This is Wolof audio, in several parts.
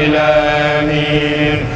العالمين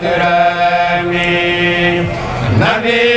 Mathura me Nabi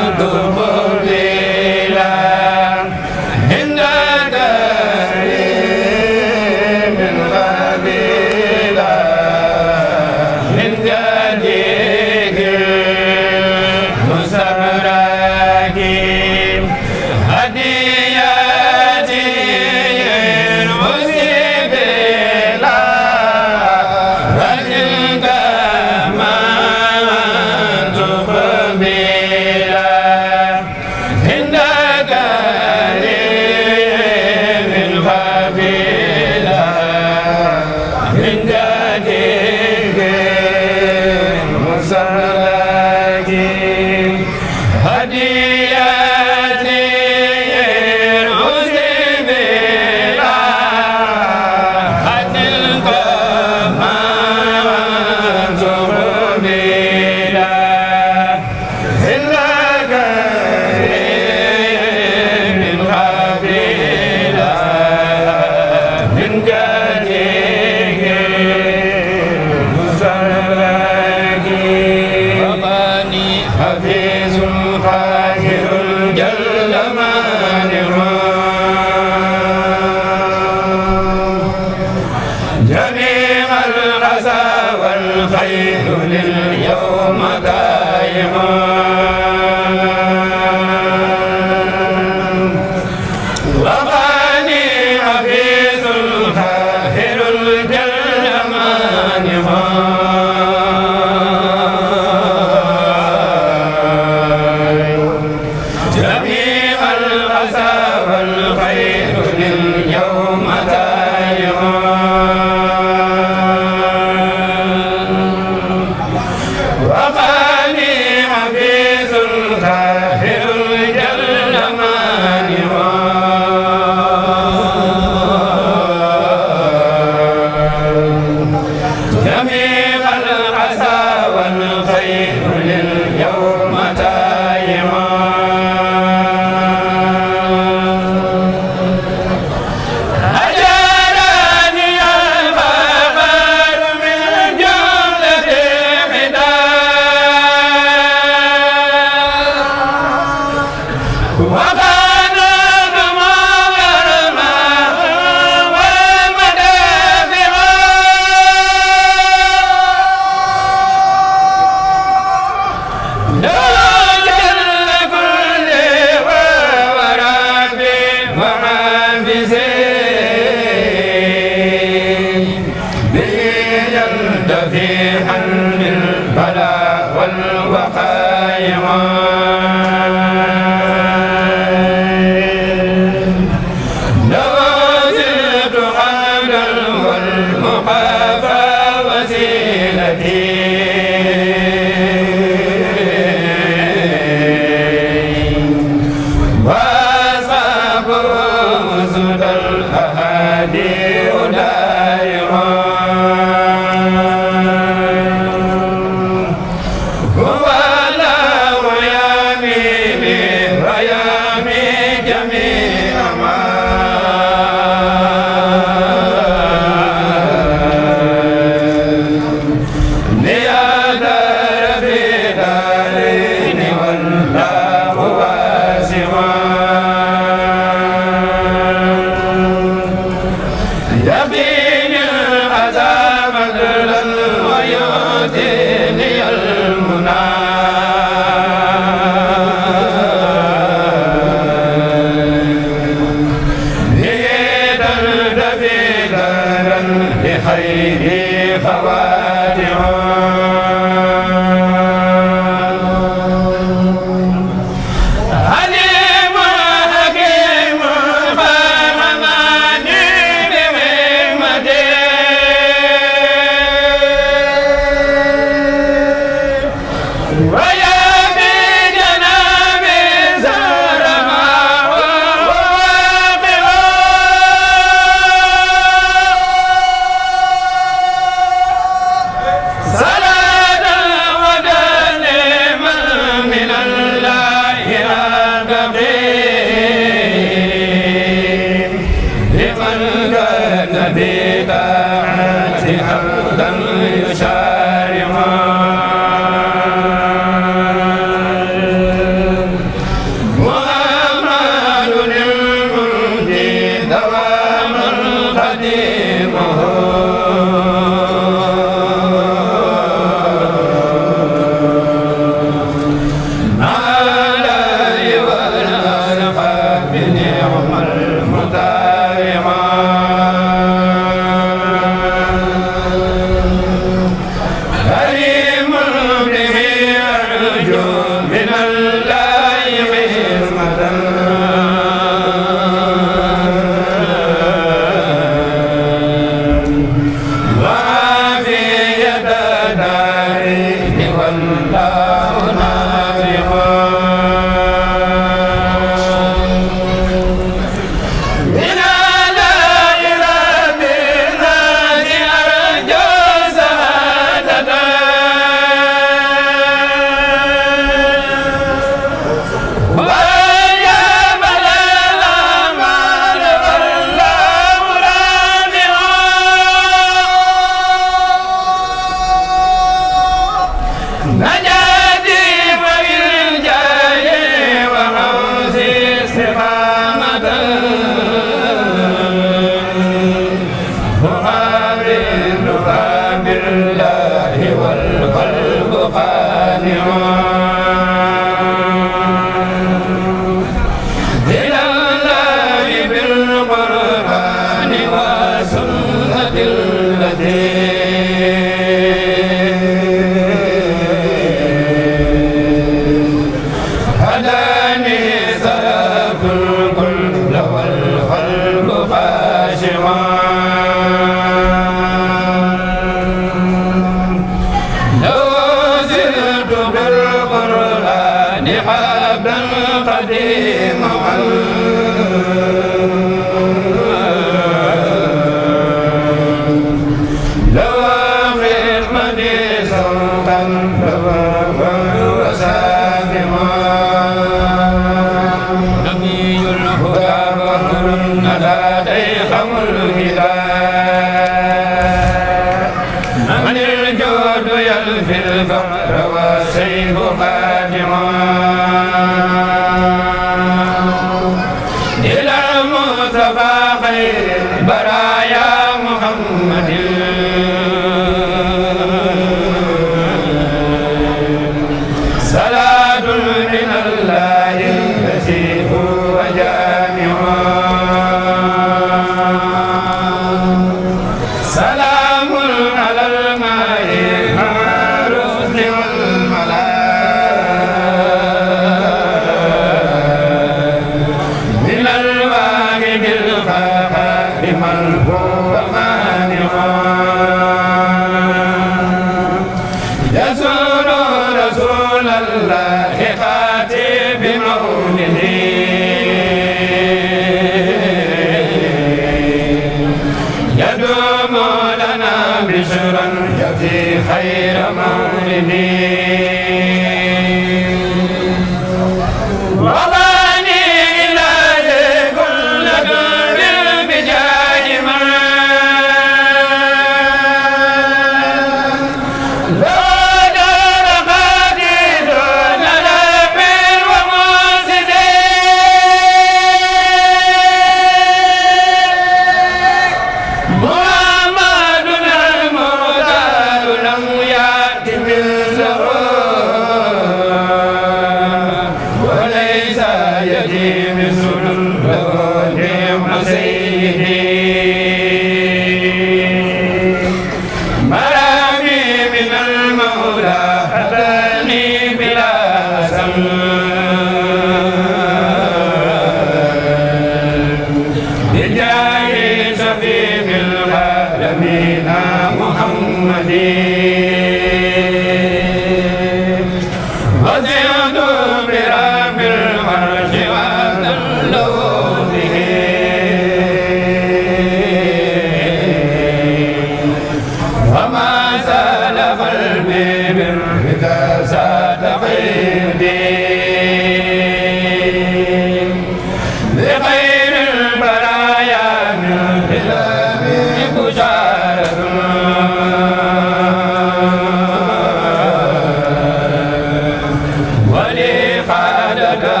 yaa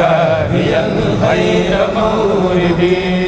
شافيا خير موردي